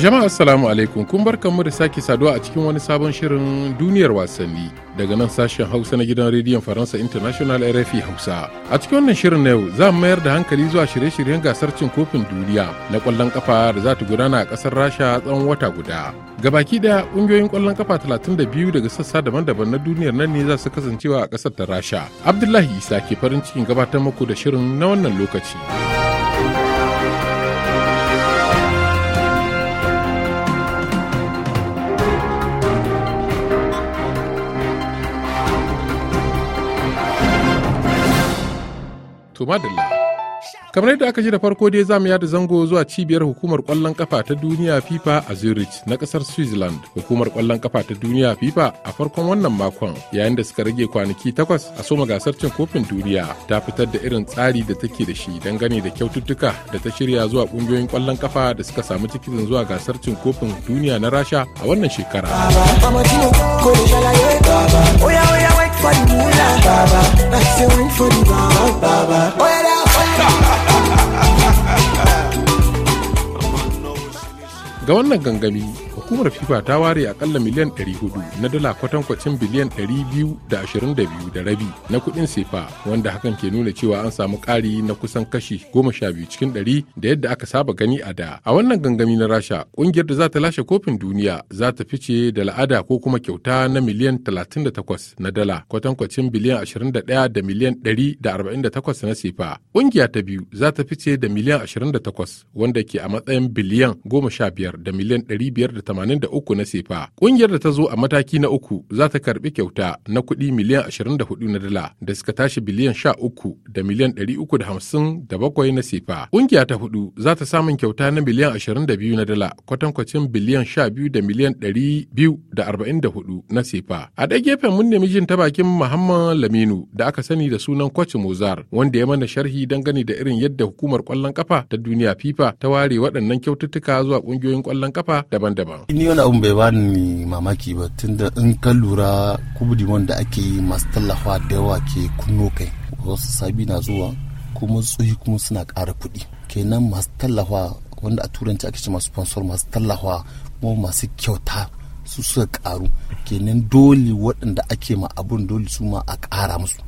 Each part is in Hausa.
Jama'a assalamu alaikum kun bar kanmu da sake saduwa a cikin wani sabon shirin duniyar wasanni daga nan sashen Hausa na gidan rediyon Faransa International RFI Hausa. A cikin wannan shirin na yau za mu mayar da hankali zuwa shirye-shiryen gasar cin kofin duniya na kwallon kafa da za ta gudana a kasar Rasha tsawon wata guda. Gabaki daya kungiyoyin kwallon kafa 32 daga sassa daban-daban na duniyar nan ne za su kasancewa a kasar ta Rasha. Abdullahi Isa ke farin cikin gabatar muku da shirin na wannan lokaci. To madalla. Kamar yadda aka ji da farko dai zamu yada zango zuwa cibiyar hukumar kwallon kafa ta duniya FIFA a Zurich na kasar Switzerland. Hukumar kwallon kafa ta duniya FIFA a farkon wannan makon yayin da suka rage kwanaki takwas a soma gasar cin kofin duniya ta fitar da irin tsari da take da shi dangane da kyaututtuka da ta shirya zuwa kungiyoyin kwallon kafa da suka samu tikitin zuwa gasar cin kofin duniya na Rasha a wannan shekara. for the moolah, Baba. I say wine for the Baba, Baba. Oh, yeah, Ga wannan gangami hukumar fifa ta ware akalla miliyan 400 na dala kwatankwacin biliyan 222 da rabi na kudin sefa wanda hakan ke nuna cewa an samu ƙari na kusan kashi 12 cikin 100 da yadda aka saba gani a da a wannan gangami na rasha kungiyar da za ta lashe kofin duniya za ta fice da la'ada ko kuma kyauta na miliyan 38 na dala kwatankwacin biliyan 21 da miliyan 148 na sefa kungiya ta biyu za ta fice da miliyan 28 wanda ke a matsayin biliyan 15 da miliyan 580 83 na sefa ƙungiyar da ta zo a mataki na uku za ta karbi kyauta na kuɗi miliyan 24 na dala da suka tashi biliyan 13 da miliyan 357 na sefa ƙungiya ta hudu za ta samun kyauta na miliyan 22 na dala kwatankwacin biliyan 12 da miliyan 244 na sefa a ɗaya gefen mun nemi jin ta bakin muhammad laminu da aka sani da sunan kwaci mozar wanda ya mana sharhi dangane da irin yadda hukumar kwallon kafa ta duniya fifa ta ware waɗannan kyaututtuka zuwa ƙungiyoyin kwallon kafa daban-daban. ni wani abun bai bani mamaki ba tunda in ka lura kubudi wanda ake yi masu tallafa da yawa ke kunno kai wasu sabi na zuwa kuma tsohi kuma suna ƙara kuɗi kenan masu tallafa wanda a turanci ake ce masu sponsor masu tallafa kuma masu kyauta su suka ƙaru kenan dole waɗanda ake ma abun dole su ma a ƙara musu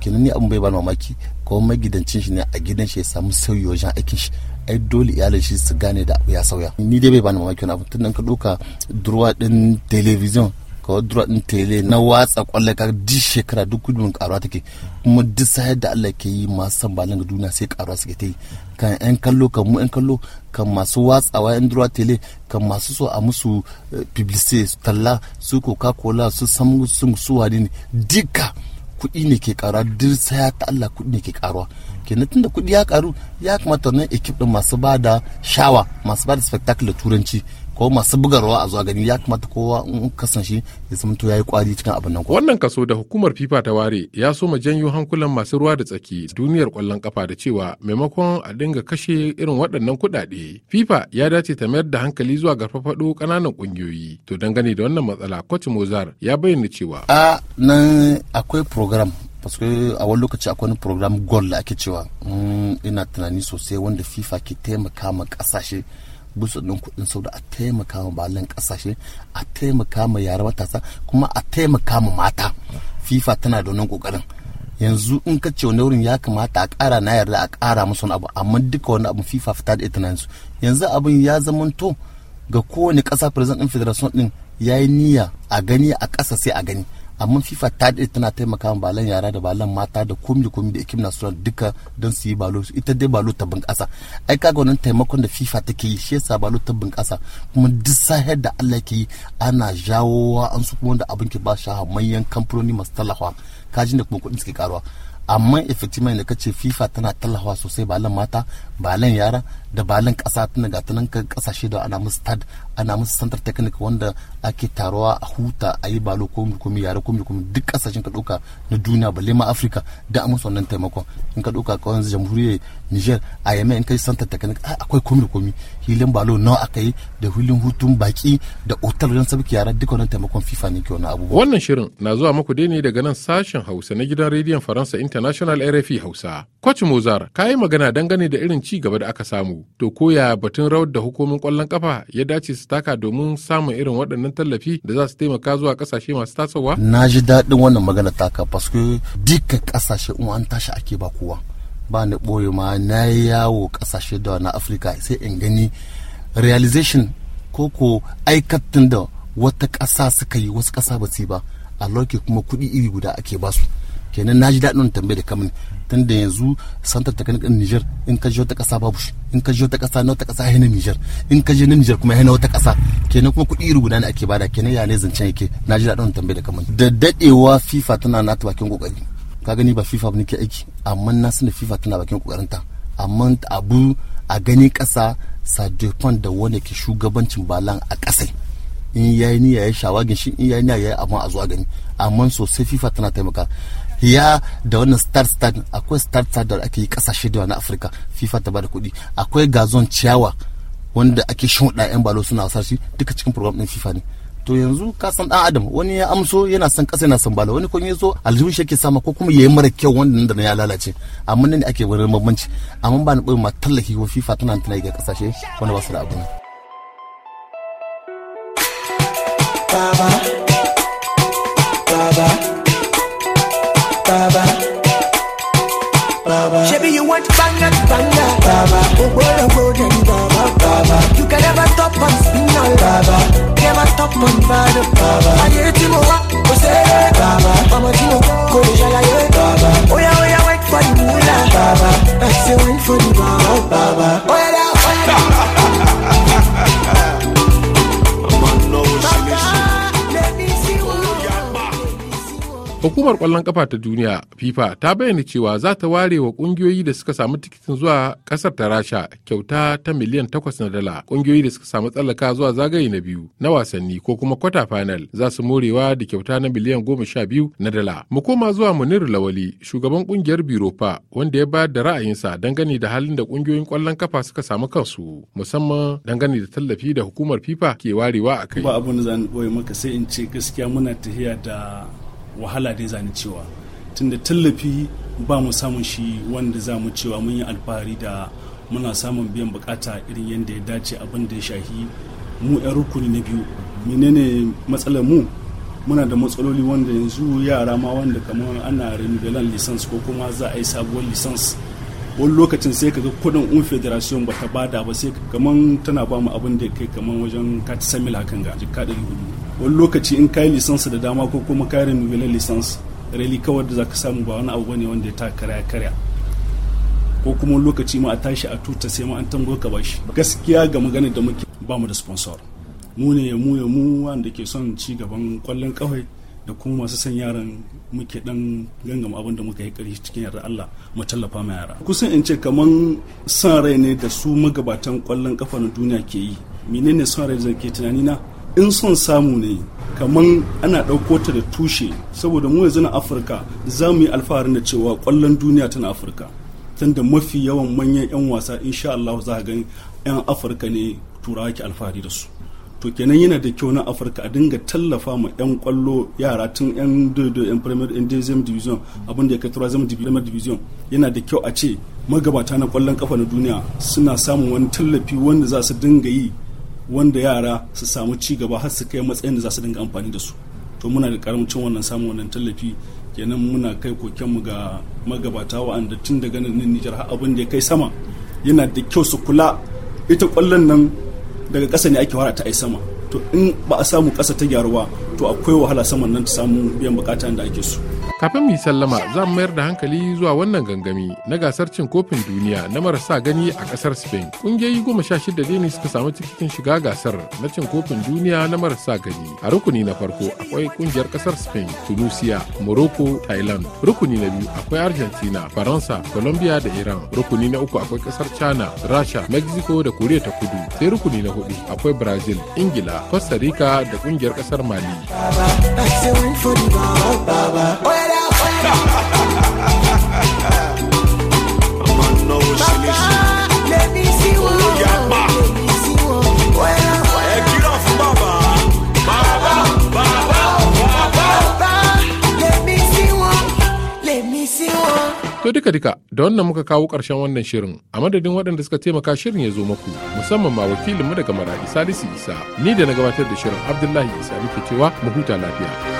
kenan ni abun bai bani mamaki kuma magidancin shi ne a gidan shi ya samu sauyi wajen aikin shi ai dole iyalin shi su gane da ya sauya ni dai bai bani mamaki wani abu tun ka ɗauka durwa ɗin television ka wadura din tele na watsa kwalle ka duk shekara duk gudun karuwa take kuma duk sayar da Allah ke yi masu san balin ga duniya sai karuwa suke ta yi kan yan kallo kan mu yan kallo kan masu watsawa yan durwa tele kan masu so a musu eh, publicity talla su coca cola su samu su wani ne duka kuɗi ne ke ƙaruwa dirsa ya ta Allah kuɗi ne ke karuwa kenan tunda kuɗi ya karu ya kamata ne ekip ɗin masu ba da shawa masu ba da spectacle turanci ko masu ruwa a zuwa gani ya kamata kowa in kasan shi ya zamto ya yi kwari cikin abin nan wannan kaso da hukumar fifa ta ware ya so ma janyo hankulan masu ruwa da tsaki duniyar kwallon kafa da cewa maimakon a dinga kashe irin waɗannan kuɗaɗe fifa ya dace ta mayar da hankali zuwa ga fafaɗo ƙananan ƙungiyoyi to dangane da wannan matsala coach mozar ya bayyana cewa a nan akwai program paske a wani lokaci akwai wani program goal da ake cewa mm, ina tunani sosai wanda fifa ke taimaka ma kasashe butsunan kudin sau da a taimaka ma balin kasashe a taimaka ma yara matasa kuma a taimaka ma mata fifa tana da wannan kokarin yanzu in ka ce wani wurin ya kamata a ƙara na yarda a ƙara musu wani abu amma duka wani abu fifa fita da ita yanzu yanzu abin ya zamanto ga kowane ƙasa president ɗin federation ɗin ya yi niyya a gani a ƙasa sai a gani amma fifa ta daɗe tana taimaka ma balan yara da balan mata da komi da komi da ekip national duka don su yi balo ita dai balo ta bunƙasa ai kaga wannan taimakon da fifa take yi shi yasa balo ta bunƙasa kuma duk sahar da Allah ke yi ana jawowa an su kuma wanda abin ke ba shi manyan kamfanoni masu tallafa kajin da kuma kuɗin suke karuwa amma effectivement da kace FIFA tana tallafawa sosai balan mata balan yara da balan kasa tana ga tunan kasashe da ana musu stad ana musu center technique wanda ake taruwa a huta a yi balo ko kuma yara ko kuma duk kasashen ka doka na duniya balle ma Africa da a wannan taimakon in ka doka kawai yanzu jamhuriyar Niger a yamma in kai center technique akwai komi da komi hilin balo nawa aka yi da hilin hutun baki da otal ran sabki yara duk wannan taimakon FIFA ne ke wannan abubuwa wannan shirin na zuwa muku dai ne daga nan sashen Hausa na gidan rediyon Faransa International RFI e Hausa. Coach Mozar, ka yi magana dangane da irin ci gaba da aka samu. To koya batun rawar da hukumin kwallon kafa ya dace su taka domin samun irin waɗannan tallafi da za su taimaka zuwa ƙasashe masu tasowa? Na ji daɗin wannan magana taka paske dukkan ƙasashe in an tashi ake ba kowa. Ba ni ɓoye ma na yi yawo ƙasashe da na Afirka sai in gani realization ko ko aikatin da wata ƙasa suka yi wasu ƙasa ba su ba a loke kuma kuɗi iri guda ake su. kenan na ji daɗin tambaye da kamun tun da yanzu santar ta ɗin Nijar in ka ji wata ƙasa babu shi in ka ji wata ƙasa na wata ƙasa ya na Nijar in ka ji na Nijar kuma ya na wata ƙasa kenan kuma kuɗi iri guda ne ake bada kenan ya ne zancen yake na ji daɗin tambaye da kamun da daɗewa FIFA tana na ta bakin kokari ka gani ba FIFA ba nake aiki amma na sani FIFA tana bakin kokarinta amma abu a gani ƙasa sa da wanda ke shugabancin balan a ƙasai in yayi niyya ya shawagin shi in yayi niyya ya amma a zuwa gani amma sosai FIFA tana taimaka ya da wannan star star akwai star star da ake yi kasashe da na afirka fifa ta bada kuɗi akwai gazon ciyawa wanda ake da yan balo suna wasa shi duka cikin program din fifa ne to yanzu ka san dan adam wani ya amso yana san kasa yana san balo wani kuma yazo aljihun shi yake sama ko kuma yayi mara kyau wanda nan da ya lalace amma nan ne ake wani bambanci amma ba ni bai ma tallafi wa FIFA tana tana ga kasashe wanda ba su da abu Baba Baby, you want banga banga, Baba. Oh, roll and roll and Baba, Baba. You can never stop on signal, Baba. Never stop on fire, Baba. I hear it more, go say, Baba. Mama, you know, go to Jaya, Baba. Oh yeah, oh yeah, wait for the moolah, Baba. I say wait for the Baba. Hukumar kwallon kafa ta duniya FIFA ta bayyana cewa za ta ware wa kungiyoyi da suka samu tikitin zuwa kasar ta Rasha kyauta ta miliyan takwas na dala. Kungiyoyi da suka samu tsallaka zuwa zagaye na biyu na wasanni ko kuma kwata final za su morewa da kyauta na miliyan goma sha biyu na dala. Mu koma zuwa Munir Lawali shugaban kungiyar Birofa wanda ya bayar da ra'ayinsa dangane da halin da kungiyoyin kwallon kafa suka samu kansu musamman dangane da tallafi da hukumar FIFA ke warewa a kai. Ba abun da zan maka sai in ce gaskiya muna tafiya da wahala dai zane cewa tunda tallafi ba mu samun shi wanda za mu cewa mun yi alfahari da muna samun biyan bukata irin yadda ya dace abin da ya shahi mu 'yan rukuni na biyu menene matsalar mu muna da matsaloli wanda yanzu yara ma wanda kamar ana renewal license ko kuma za a yi sabuwar license wani lokacin sai ka ga kudin un federation ba ta bada ba sai kamar tana ba mu abin da kai kamar wajen kati samila hakan ga jikka 400 wani lokaci in kayi lisansa da dama ko kuma kayi renewable lisans rally kawai da za ka samu ba wani abu ne wanda ya ta karya karya ko kuma wani lokaci ma a tashi a tuta sai ma an tango ka bashi gaskiya ga magana da muke ba mu da sponsor mu ne ya mu ya mu wanda ke son ci gaban kwallon kawai da kuma masu son yaran muke dan gangam abin da muka yi ƙarfi cikin yarda Allah mu tallafa ma yara kusan in ce kaman san rai ne da su magabatan kwallon kafa na duniya ke yi menene san rai da ke tunani na in son samu ne kamar ana ɗauko ta da tushe saboda mu yanzu na afirka za mu yi alfaharin da cewa ƙwallon duniya tana afirka tanda mafi yawan manyan 'yan wasa insha Allah za ga 'yan afirka ne turawa ke alfahari da su to kenan yana da kyau na afirka a dinga tallafa ma 'yan kwallo yara tun 'yan dodo 'yan premier yan dezem division abinda ya kai turazem premier division yana da kyau a ce magabata na kwallon kafa na duniya suna samun wani tallafi wanda za su dinga yi wanda yara su samu ci gaba har su kai matsayin da za su dinga amfani da su to muna da karamcin wannan samun wannan tallafi kenan muna kai kokenmu ga magabata wa'anda tun daga nan Nijar har abin da ya kai sama yana da kyau su kula ita kwallon nan daga ƙasa ne ake warata ta ai sama to in ba a samu ƙasa ta gyaruwa to akwai wahala saman nan ta samu biyan bukata da ake so kafin mu yi sallama za mu mayar da hankali zuwa wannan gangami na gasar cin kofin duniya na marasa gani a kasar spain kungiyoyi goma sha shida ne suka samu cikin shiga gasar na cin kofin duniya na marasa gani a rukuni na farko akwai kungiyar kasar spain tunisia morocco thailand rukuni na biyu akwai argentina faransa colombia da iran rukuni na uku akwai kasar china rasha mexico da korea ta kudu sai rukuni na hudu akwai brazil ingila costa rica da kungiyar kasar mali Baba, To duka duka da wannan muka kawo ƙarshen wannan shirin a madadin waɗanda suka taimaka shirin ya zo maku musamman ma wakilinmu daga Maradi Salisu Isa ni da na gabatar da shirin Abdullahi Isa nake cewa mu huta lafiya.